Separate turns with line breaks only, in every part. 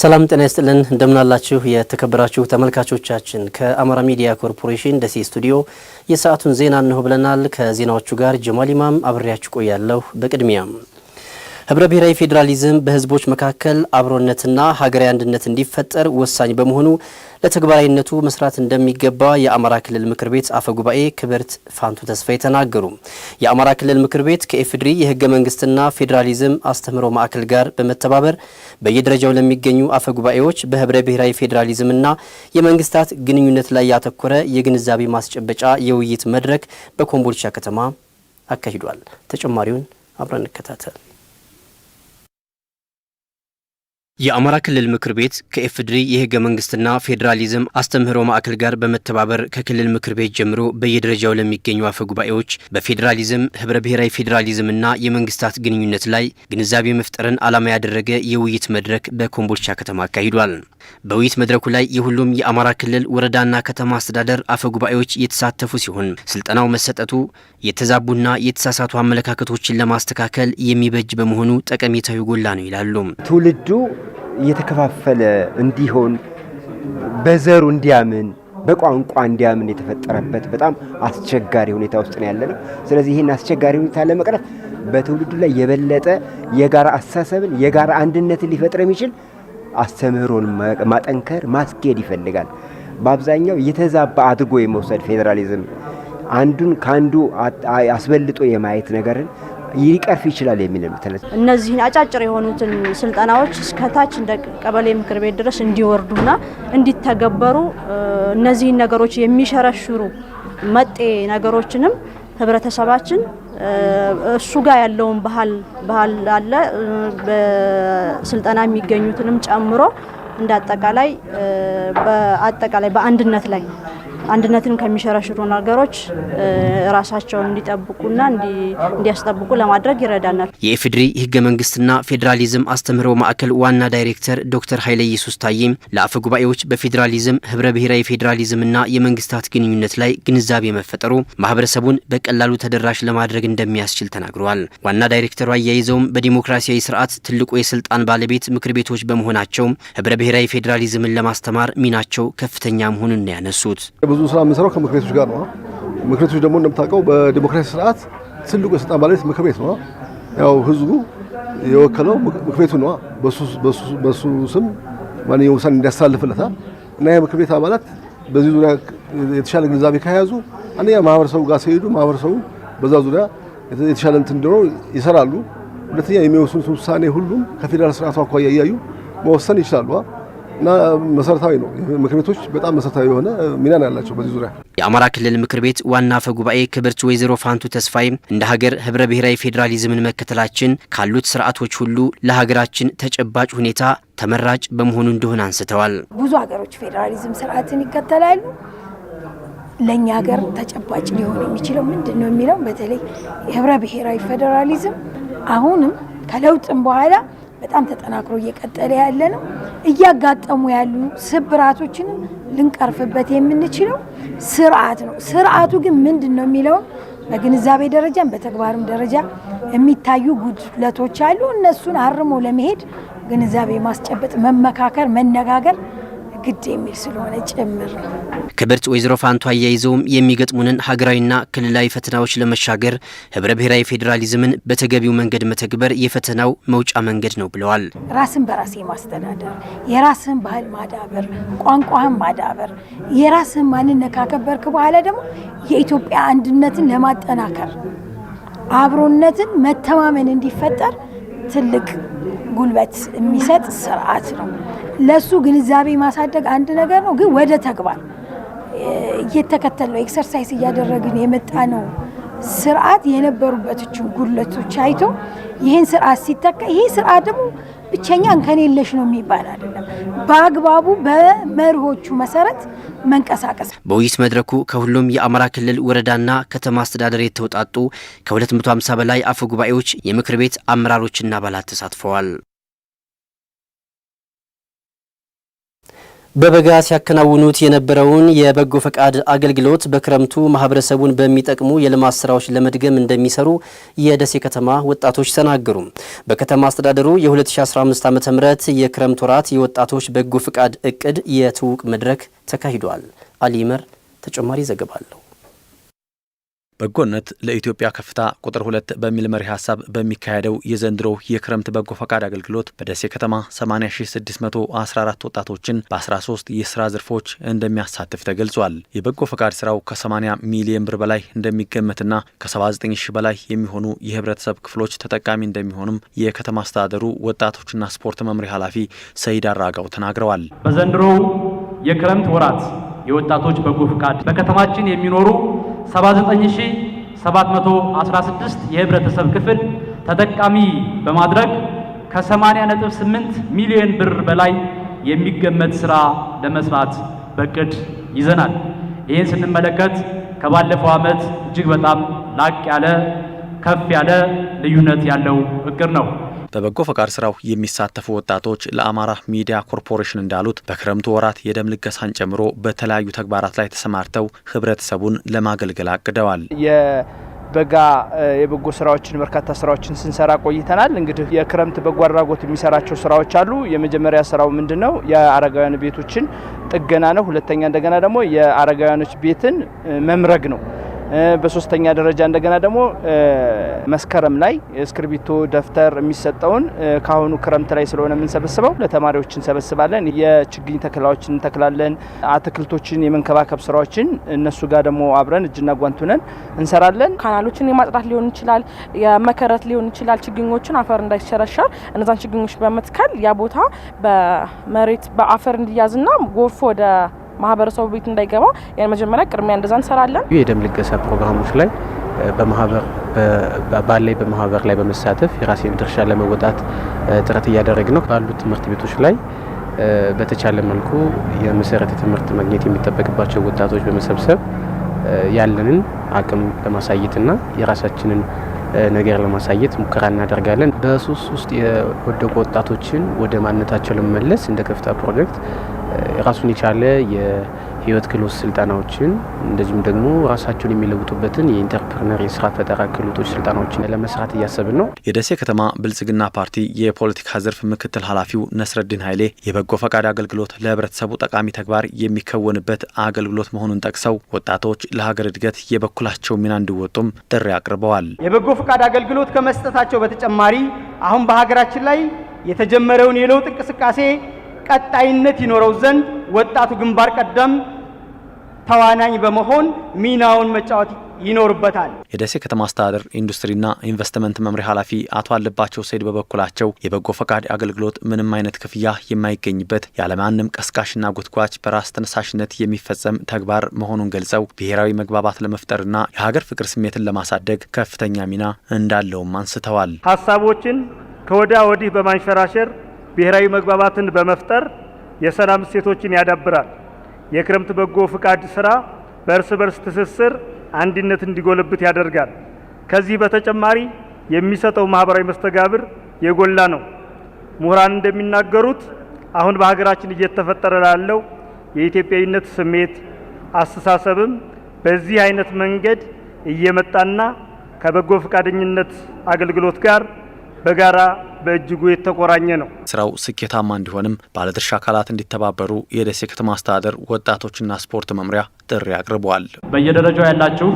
ሰላም ጤና ይስጥልን እንደምናላችሁ የተከበራችሁ ተመልካቾቻችን፣ ከአማራ ሚዲያ ኮርፖሬሽን ደሴ ስቱዲዮ የሰዓቱን ዜና እንሆ ብለናል። ከዜናዎቹ ጋር ጀማል ኢማም አብሬያችሁ ቆያለሁ። በቅድሚያም ህብረ ብሔራዊ ፌዴራሊዝም በህዝቦች መካከል አብሮነትና ሀገራዊ አንድነት እንዲፈጠር ወሳኝ በመሆኑ ለተግባራዊነቱ መስራት እንደሚገባ የአማራ ክልል ምክር ቤት አፈ ጉባኤ ክብርት ፋንቱ ተስፋዬ ተናገሩ። የአማራ ክልል ምክር ቤት ከኤፍድሪ የህገ መንግስትና ፌዴራሊዝም አስተምህሮ ማዕከል ጋር በመተባበር በየደረጃው ለሚገኙ አፈ ጉባኤዎች በህብረ ብሔራዊ ፌዴራሊዝምና የመንግስታት ግንኙነት ላይ ያተኮረ የግንዛቤ ማስጨበጫ የውይይት መድረክ በኮምቦልቻ ከተማ አካሂዷል። ተጨማሪውን አብረን እንከታተል። የአማራ ክልል ምክር ቤት ከኤፍድሪ የህገ መንግስትና ፌዴራሊዝም አስተምህሮ ማዕከል ጋር በመተባበር ከክልል ምክር ቤት ጀምሮ በየደረጃው ለሚገኙ አፈ ጉባኤዎች በፌዴራሊዝም ህብረ ብሔራዊ ፌዴራሊዝምና የመንግስታት ግንኙነት ላይ ግንዛቤ መፍጠርን ዓላማ ያደረገ የውይይት መድረክ በኮምቦልቻ ከተማ አካሂዷል። በውይይት መድረኩ ላይ የሁሉም የአማራ ክልል ወረዳና ከተማ አስተዳደር አፈ ጉባኤዎች የተሳተፉ ሲሆን ስልጠናው መሰጠቱ የተዛቡና የተሳሳቱ አመለካከቶችን ለማስተካከል የሚበጅ በመሆኑ ጠቀሜታው ጎላ ነው ይላሉ
ትውልዱ እየተከፋፈለ እንዲሆን በዘሩ እንዲያምን በቋንቋ እንዲያምን የተፈጠረበት በጣም አስቸጋሪ ሁኔታ ውስጥ ነው ያለ ነው። ስለዚህ ይህን አስቸጋሪ ሁኔታ ለመቅረፍ በትውልዱ ላይ የበለጠ የጋራ አስተሳሰብን የጋራ አንድነትን ሊፈጥር የሚችል አስተምህሮን ማጠንከር ማስኬድ ይፈልጋል። በአብዛኛው የተዛባ አድርጎ የመውሰድ ፌዴራሊዝም አንዱን ከአንዱ አስበልጦ የማየት ነገርን ሊቀርፍ ይችላል የሚል ነው።
እነዚህን አጫጭር የሆኑትን ስልጠናዎች እስከታች እንደ ቀበሌ ምክር ቤት ድረስ እንዲወርዱና እንዲተገበሩ እነዚህን ነገሮች የሚሸረሽሩ መጤ ነገሮችንም ህብረተሰባችን እሱ ጋር ያለውን ባህል ባህል አለ በስልጠና የሚገኙትንም ጨምሮ እንዳጠቃላይ በአጠቃላይ በአንድነት ላይ አንድነትን ከሚሸረሽሩ ነገሮች ራሳቸውን እንዲጠብቁና እንዲያስጠብቁ ለማድረግ ይረዳናል።
የኢፌዴሪ ህገ መንግስትና ፌዴራሊዝም አስተምህሮ ማዕከል ዋና ዳይሬክተር ዶክተር ኃይለ ኢየሱስ ታዬም ለአፈ ጉባኤዎች በፌዴራሊዝም ህብረ ብሔራዊ ፌዴራሊዝምና የመንግስታት ግንኙነት ላይ ግንዛቤ መፈጠሩ ማህበረሰቡን በቀላሉ ተደራሽ ለማድረግ እንደሚያስችል ተናግረዋል። ዋና ዳይሬክተሩ አያይዘውም በዲሞክራሲያዊ ስርዓት ትልቁ የስልጣን ባለቤት ምክር ቤቶች በመሆናቸው ህብረ ብሔራዊ ፌዴራሊዝምን ለማስተማር ሚናቸው ከፍተኛ መሆኑን ያነሱት
ብዙ ስራ የምንሰራው ከምክር ቤቶች ጋር ነው። ምክር ቤቶች ደግሞ እንደምታውቀው በዲሞክራሲ ስርዓት ትልቁ የስልጣን ባለቤት ምክር ቤት ነው። ያው ህዝቡ የወከለው ምክር ቤቱ ነው። በሱ ስም ማንኛውም ውሳኔ እንዲያሳልፍለታል እና የምክር ቤት አባላት በዚህ ዙሪያ የተሻለ ግንዛቤ ከያዙ አንደኛ ማህበረሰቡ ጋር ሲሄዱ ማህበረሰቡ በዛ ዙሪያ የተሻለ እንትን እንዲኖረው ይሰራሉ። ሁለተኛ የሚወስኑት ውሳኔ ሁሉም ከፌዴራል ስርዓቱ አኳያ እያዩ መወሰን ይችላሉ። እና መሰረታዊ ነው። ምክር ቤቶች በጣም መሰረታዊ የሆነ ሚና ያላቸው በዚህ ዙሪያ
የአማራ ክልል ምክር ቤት ዋና አፈ ጉባኤ ክብርት ወይዘሮ ፋንቱ ተስፋዬ እንደ ሀገር ህብረ ብሔራዊ ፌዴራሊዝምን መከተላችን ካሉት ስርዓቶች ሁሉ ለሀገራችን ተጨባጭ ሁኔታ ተመራጭ በመሆኑ እንደሆነ አንስተዋል።
ብዙ ሀገሮች ፌዴራሊዝም ስርዓትን ይከተላሉ። ለእኛ ሀገር ተጨባጭ ሊሆን የሚችለው ምንድን ነው የሚለው በተለይ ህብረ ብሔራዊ ፌዴራሊዝም አሁንም ከለውጥም በኋላ በጣም ተጠናክሮ እየቀጠለ ያለ ነው። እያጋጠሙ ያሉ ስብራቶችንም ልንቀርፍበት የምንችለው ስርዓት ነው። ስርዓቱ ግን ምንድን ነው የሚለውን በግንዛቤ ደረጃም በተግባርም ደረጃ የሚታዩ ጉድለቶች አሉ። እነሱን አርሞ ለመሄድ ግንዛቤ ማስጨበጥ፣ መመካከር፣ መነጋገር ግድ የሚል ስለሆነ ጭምር ነው።
ክብርት ወይዘሮ ፋንቱ አያይዘውም የሚገጥሙንን ሀገራዊና ክልላዊ ፈተናዎች ለመሻገር ህብረ ብሔራዊ ፌዴራሊዝምን በተገቢው መንገድ መተግበር የፈተናው መውጫ መንገድ ነው ብለዋል።
ራስን በራስ የማስተዳደር የራስን ባህል ማዳበር፣ ቋንቋህን ማዳበር፣ የራስን ማንነት ካከበርክ በኋላ ደግሞ የኢትዮጵያ አንድነትን ለማጠናከር አብሮነትን፣ መተማመን እንዲፈጠር ትልቅ ጉልበት የሚሰጥ ስርዓት ነው። ለሱ ግንዛቤ ማሳደግ አንድ ነገር ነው፣ ግን ወደ ተግባር ነው ኤክሰርሳይዝ እያደረግን የመጣ ነው ስርዓት የነበሩበትችን ጉለቶች አይቶ ይህን ስርዓት ሲተካ ይሄ ስርዓት ደግሞ ብቸኛ እንከን የለሽ ነው የሚባል አይደለም። በአግባቡ በመርሆቹ መሰረት መንቀሳቀስ።
በውይይት መድረኩ ከሁሉም የአማራ ክልል ወረዳና ከተማ አስተዳደር የተውጣጡ ከ250 በላይ አፈ ጉባኤዎች፣ የምክር ቤት አመራሮችና አባላት ተሳትፈዋል። በበጋ ሲያከናውኑት የነበረውን የበጎ ፈቃድ አገልግሎት በክረምቱ ማህበረሰቡን በሚጠቅሙ የልማት ስራዎች ለመድገም እንደሚሰሩ የደሴ ከተማ ወጣቶች ተናገሩ። በከተማ አስተዳደሩ የ2015 ዓ ም የክረምት ወራት የወጣቶች በጎ ፈቃድ እቅድ የትውውቅ መድረክ ተካሂዷል። አሊመር ተጨማሪ ዘገባ አለው።
በጎነት ለኢትዮጵያ ከፍታ ቁጥር ሁለት በሚል መሪ ሀሳብ በሚካሄደው የዘንድሮ የክረምት በጎ ፈቃድ አገልግሎት በደሴ ከተማ 80614 ወጣቶችን በ13 የስራ ዘርፎች እንደሚያሳትፍ ተገልጿል። የበጎ ፈቃድ ስራው ከ80 ሚሊዮን ብር በላይ እንደሚገመትና ከ79 ሺህ በላይ የሚሆኑ የህብረተሰብ ክፍሎች ተጠቃሚ እንደሚሆኑም የከተማ አስተዳደሩ ወጣቶችና ስፖርት መምሪያ ኃላፊ ሰይድ አራጋው ተናግረዋል።
በዘንድሮው የክረምት ወራት የወጣቶች በጎ ፈቃድ በከተማችን የሚኖሩ 79716 የህብረተሰብ ክፍል ተጠቃሚ በማድረግ ከ 88 ሚሊዮን ብር በላይ የሚገመት ስራ ለመስራት በቅድ ይዘናል። ይህን ስንመለከት ከባለፈው ዓመት እጅግ በጣም ላቅ ያለ ከፍ ያለ ልዩነት ያለው እቅድ ነው።
በበጎ ፈቃድ ስራው የሚሳተፉ ወጣቶች ለአማራ ሚዲያ ኮርፖሬሽን እንዳሉት በክረምቱ ወራት የደም ልገሳን ጨምሮ በተለያዩ ተግባራት ላይ ተሰማርተው ህብረተሰቡን ለማገልገል አቅደዋል።
በጋ የበጎ ስራዎችን በርካታ ስራዎችን ስንሰራ ቆይተናል። እንግዲህ የክረምት በጎ አድራጎት የሚሰራቸው ስራዎች አሉ። የመጀመሪያ ስራው ምንድን ነው? የአረጋውያን ቤቶችን ጥገና ነው። ሁለተኛ እንደገና ደግሞ የአረጋውያኖች ቤትን መምረግ ነው። በሶስተኛ ደረጃ እንደገና ደግሞ መስከረም ላይ እስክርቢቶ፣ ደብተር የሚሰጠውን ከአሁኑ ክረምት ላይ ስለሆነ የምንሰበስበው ለተማሪዎች እንሰበስባለን። የችግኝ ተክላዎችን እንተክላለን። አትክልቶችን የመንከባከብ ስራዎችን እነሱ ጋር ደግሞ አብረን እጅና ጓንት ሆነን እንሰራለን።
ካናሎችን የማጽዳት ሊሆን ይችላል፣ የመከረት ሊሆን ይችላል። ችግኞችን አፈር እንዳይሸረሸር እነዛን ችግኞች በመትከል ያ ቦታ በመሬት በአፈር እንዲያዝና ጎርፍ ወደ ማህበረሰቡ ቤት እንዳይገባ ያን መጀመሪያ ቅድሚያ እንደዛ እንሰራለን።
የደም ልገሳ ፕሮግራሞች ላይ በማህበር ባላይ በማህበር ላይ በመሳተፍ የራሴን ድርሻ ለመወጣት ጥረት እያደረግ ነው። ባሉ ትምህርት ቤቶች ላይ በተቻለ መልኩ የመሰረተ ትምህርት ማግኘት የሚጠበቅባቸው ወጣቶች በመሰብሰብ ያለንን አቅም ለማሳየትና የራሳችንን ነገር ለማሳየት ሙከራ እናደርጋለን። በሱስ ውስጥ የወደቁ ወጣቶችን ወደ ማንነታቸው ለመመለስ እንደ ከፍታ ፕሮጀክት ራሱን የቻለ የህይወት ክህሎት ስልጠናዎችን እንደዚሁም ደግሞ ራሳቸውን የሚለውጡበትን የኢንተርፕርነር የስራ ፈጠራ ክህሎቶች ስልጠናዎችን ለመስራት እያሰብን ነው።
የደሴ ከተማ ብልጽግና ፓርቲ የፖለቲካ ዘርፍ ምክትል ኃላፊው ነስረዲን ኃይሌ የበጎ ፈቃድ አገልግሎት ለህብረተሰቡ ጠቃሚ ተግባር የሚከወንበት አገልግሎት መሆኑን ጠቅሰው ወጣቶች ለሀገር እድገት የበኩላቸው ሚና እንዲወጡም ጥሪ አቅርበዋል።
የበጎ ፈቃድ አገልግሎት ከመስጠታቸው በተጨማሪ አሁን በሀገራችን ላይ የተጀመረውን የለውጥ እንቅስቃሴ ቀጣይነት ይኖረው ዘንድ ወጣቱ ግንባር ቀደም ተዋናኝ በመሆን ሚናውን መጫወት ይኖርበታል።
የደሴ ከተማ አስተዳደር ኢንዱስትሪና ኢንቨስትመንት መምሪያ ኃላፊ አቶ አለባቸው ሰይድ በበኩላቸው የበጎ ፈቃድ አገልግሎት ምንም አይነት ክፍያ የማይገኝበት ያለማንም ቀስቃሽና ጉትጓች በራስ ተነሳሽነት የሚፈጸም ተግባር መሆኑን ገልጸው ብሔራዊ መግባባት ለመፍጠርና የሀገር ፍቅር ስሜትን ለማሳደግ ከፍተኛ ሚና እንዳለውም አንስተዋል።
ሀሳቦችን ከወዲያ ወዲህ በማንሸራሸር ብሔራዊ መግባባትን በመፍጠር የሰላም እሴቶችን ያዳብራል። የክረምት በጎ ፍቃድ ስራ በእርስ በርስ ትስስር አንድነት እንዲጎለብት ያደርጋል። ከዚህ በተጨማሪ የሚሰጠው ማህበራዊ መስተጋብር የጎላ ነው። ምሁራን እንደሚናገሩት አሁን በሀገራችን እየተፈጠረ ላለው የኢትዮጵያዊነት ስሜት አስተሳሰብም በዚህ አይነት መንገድ እየመጣና ከበጎ ፈቃደኝነት አገልግሎት ጋር በጋራ በእጅጉ የተቆራኘ ነው።
ስራው ስኬታማ እንዲሆንም ባለድርሻ አካላት እንዲተባበሩ የደሴ ከተማ አስተዳደር ወጣቶችና ስፖርት መምሪያ ጥሪ አቅርበዋል።
በየደረጃው ያላችሁ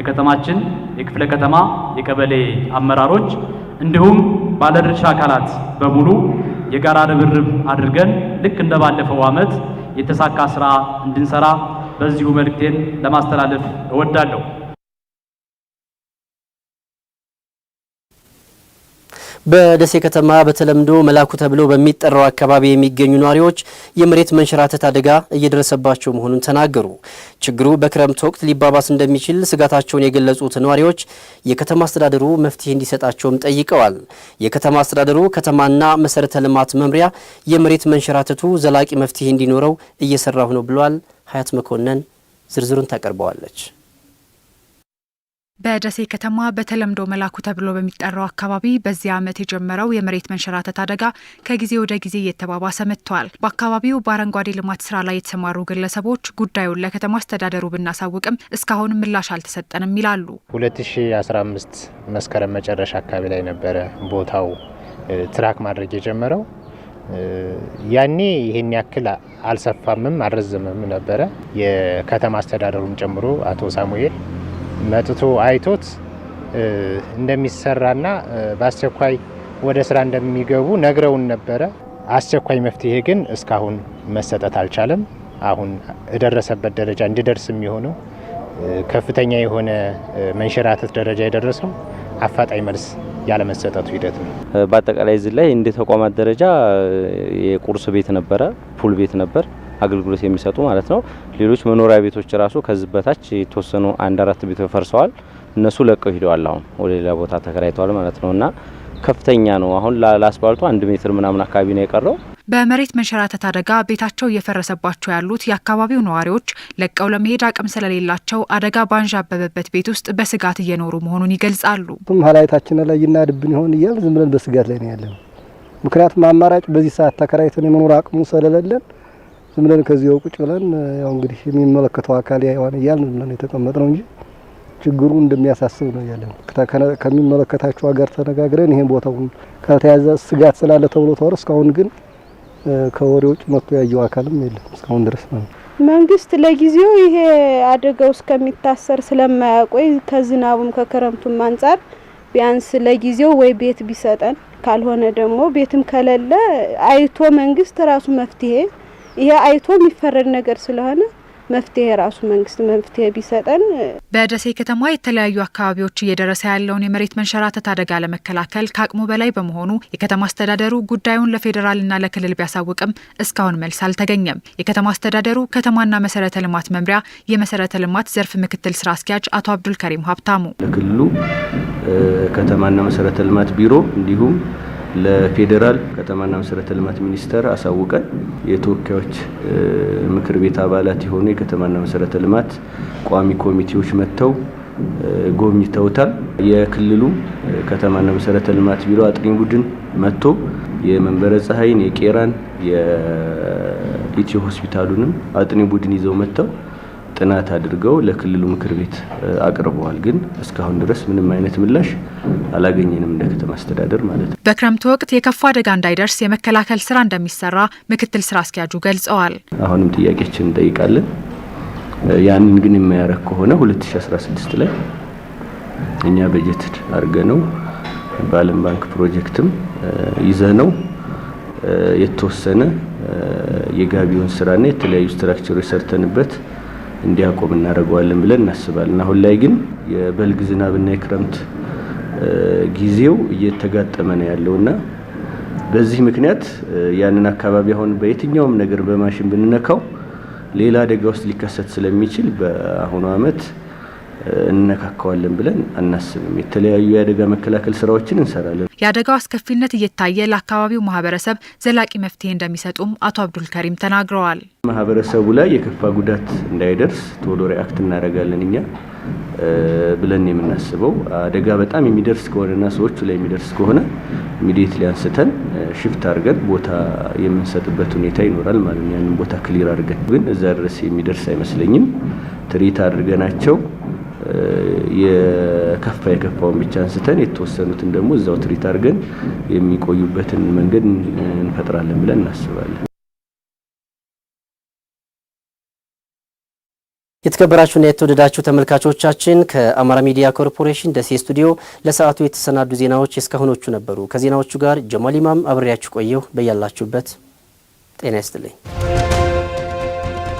የከተማችን የክፍለ ከተማ፣ የቀበሌ አመራሮች እንዲሁም ባለድርሻ አካላት በሙሉ የጋራ ርብርብ አድርገን ልክ እንደ ባለፈው ዓመት የተሳካ ስራ እንድንሰራ በዚሁ መልእክቴን ለማስተላለፍ እወዳለሁ።
በደሴ ከተማ በተለምዶ መላኩ ተብሎ በሚጠራው አካባቢ የሚገኙ ነዋሪዎች የመሬት መንሸራተት አደጋ እየደረሰባቸው መሆኑን ተናገሩ። ችግሩ በክረምት ወቅት ሊባባስ እንደሚችል ስጋታቸውን የገለጹት ነዋሪዎች የከተማ አስተዳደሩ መፍትሄ እንዲሰጣቸውም ጠይቀዋል። የከተማ አስተዳደሩ ከተማና መሰረተ ልማት መምሪያ የመሬት መንሸራተቱ ዘላቂ መፍትሄ እንዲኖረው እየሰራሁ ነው ብሏል። ሀያት መኮንን ዝርዝሩን ታቀርበዋለች። በደሴ ከተማ በተለምዶ መላኩ ተብሎ በሚጠራው አካባቢ በዚህ ዓመት የጀመረው የመሬት መንሸራተት አደጋ ከጊዜ ወደ ጊዜ እየተባባሰ መጥቷል። በአካባቢው በአረንጓዴ ልማት ስራ ላይ የተሰማሩ ግለሰቦች ጉዳዩን ለከተማ አስተዳደሩ ብናሳውቅም እስካሁን ምላሽ አልተሰጠንም ይላሉ።
2015 መስከረም መጨረሻ አካባቢ ላይ ነበረ ቦታው ትራክ ማድረግ የጀመረው። ያኔ ይህን ያክል አልሰፋምም አልረዘምም ነበረ። የከተማ አስተዳደሩም ጨምሮ አቶ ሳሙኤል መጥቶ አይቶት እንደሚሰራና በአስቸኳይ ወደ ስራ እንደሚገቡ ነግረውን ነበረ። አስቸኳይ መፍትሄ ግን እስካሁን መሰጠት አልቻለም። አሁን የደረሰበት ደረጃ እንዲደርስ የሚሆነው ከፍተኛ የሆነ መንሸራተት ደረጃ የደረሰው አፋጣኝ መልስ ያለመሰጠቱ ሂደት ነው።
በአጠቃላይ እዚህ ላይ እንደ ተቋማት ደረጃ የቁርስ ቤት ነበረ፣ ፑል ቤት ነበር አገልግሎት የሚሰጡ ማለት ነው። ሌሎች መኖሪያ ቤቶች ራሱ ከዚህ በታች የተወሰኑ አንድ አራት ቤት ፈርሰዋል። እነሱ ለቀው ሂደዋል። አሁን ወደ ሌላ ቦታ ተከራይተዋል ማለት ነው እና ከፍተኛ ነው። አሁን ለአስፓልቱ አንድ ሜትር ምናምን አካባቢ ነው የቀረው።
በመሬት መንሸራተት አደጋ ቤታቸው እየፈረሰባቸው ያሉት የአካባቢው ነዋሪዎች ለቀው ለመሄድ አቅም ስለሌላቸው አደጋ ባንዣበበበት ቤት ውስጥ በስጋት እየኖሩ መሆኑን ይገልጻሉ።
ሀላይታችን ላይ ይናድብን ይሆን እያል ዝም ብለን በስጋት ላይ ነው ያለ። ምክንያቱም አማራጭ በዚህ ሰዓት ተከራይተን የመኖር አቅሙ ስለሌለን ዝም ብለን ከዚህ ቁጭ ብለን ያው እንግዲህ የሚመለከተው አካል ያየዋል እያልን ብለን ነው እንጂ ችግሩ እንደሚያሳስብ ነው ያለን። ከሚመለከታቸው ሀገር ተነጋግረን ይሄን ቦታውን ካልተያዘ ስጋት ስላለ ተብሎ ተወር እስካሁን ግን ከወሬ ውጭ መጥቶ ያየው አካልም የለም እስካሁን ድረስ ነው።
መንግስት ለጊዜው ይሄ አደጋው እስከሚታሰር ስለማያቆይ ከዝናቡም ከክረምቱም አንጻር ቢያንስ ለጊዜው ወይ ቤት ቢሰጠን ካልሆነ ደግሞ ቤትም ከሌለ አይቶ መንግስት ራሱ መፍትሄ ይሄ አይቶ የሚፈረድ ነገር ስለሆነ መፍትሄ የራሱ መንግስት መፍትሄ ቢሰጠን።
በደሴ ከተማ የተለያዩ አካባቢዎች እየደረሰ ያለውን የመሬት መንሸራተት አደጋ ለመከላከል ከአቅሙ በላይ በመሆኑ የከተማ አስተዳደሩ ጉዳዩን ለፌዴራልና ለክልል ቢያሳውቅም እስካሁን መልስ አልተገኘም። የከተማ አስተዳደሩ ከተማና መሰረተ ልማት መምሪያ የመሰረተ ልማት ዘርፍ ምክትል ስራ አስኪያጅ አቶ አብዱል ከሪም ሀብታሙ
ለክልሉ ከተማና መሰረተ ልማት ቢሮ እንዲሁም ለፌዴራል ከተማና መሰረተ ልማት ሚኒስቴር አሳውቀን የተወካዮች ምክር ቤት አባላት የሆኑ የከተማና መሰረተ ልማት ቋሚ ኮሚቴዎች መጥተው ጎብኝተውታል። የክልሉ ከተማና መሰረተ ልማት ቢሮ አጥኚ ቡድን መጥቶ የመንበረ ፀሐይን፣ የቄራን፣ የኢትዮ ሆስፒታሉንም አጥኚ ቡድን ይዘው መጥተው ጥናት አድርገው ለክልሉ ምክር ቤት አቅርበዋል። ግን እስካሁን ድረስ ምንም አይነት ምላሽ አላገኘንም እንደ ከተማ አስተዳደር ማለት ነው።
በክረምት ወቅት የከፉ አደጋ እንዳይደርስ የመከላከል ስራ እንደሚሰራ ምክትል ስራ አስኪያጁ ገልጸዋል።
አሁንም ጥያቄችን እንጠይቃለን። ያንን ግን የማያረግ ከሆነ 2016 ላይ እኛ በጀት አድርገ ነው በዓለም ባንክ ፕሮጀክትም ይዘ ነው የተወሰነ የጋቢውን ስራና የተለያዩ ስትራክቸሮች ሰርተንበት እንዲያቆም እናደርገዋለን ብለን እናስባለን። አሁን ላይ ግን የበልግ ዝናብና የክረምት ጊዜው እየተጋጠመ ነው ያለውና በዚህ ምክንያት ያንን አካባቢ አሁን በየትኛውም ነገር በማሽን ብንነካው ሌላ አደጋ ውስጥ ሊከሰት ስለሚችል በአሁኑ አመት? እነካከዋለን ብለን አናስብም። የተለያዩ የአደጋ መከላከል ስራዎችን እንሰራለን።
የአደጋው አስከፊነት እየታየ ለአካባቢው ማህበረሰብ ዘላቂ መፍትሄ እንደሚሰጡም አቶ አብዱልከሪም ተናግረዋል።
ማህበረሰቡ ላይ የከፋ ጉዳት እንዳይደርስ ቶሎ ሪአክት እናደርጋለን እኛ ብለን የምናስበው አደጋ በጣም የሚደርስ ከሆነና ሰዎቹ ላይ የሚደርስ ከሆነ ሚዲት ሊያንስተን ሽፍት አድርገን ቦታ የምንሰጥበት ሁኔታ ይኖራል ማለት ያንን ቦታ ክሊር አድርገን ግን እዛ ድረስ የሚደርስ አይመስለኝም ትርኢት አድርገናቸው የከፋ የከፋውን ብቻ አንስተን የተወሰኑትን ደግሞ እዛው ትሪት አድርገን የሚቆዩበትን መንገድ እንፈጥራለን ብለን እናስባለን።
የተከበራችሁና የተወደዳችሁ ተመልካቾቻችን ከአማራ ሚዲያ ኮርፖሬሽን ደሴ ስቱዲዮ ለሰዓቱ የተሰናዱ ዜናዎች እስካሁኖቹ ነበሩ። ከዜናዎቹ ጋር ጀማል ኢማም አብሬያችሁ ቆየሁ። በያላችሁበት ጤና ይስጥልኝ።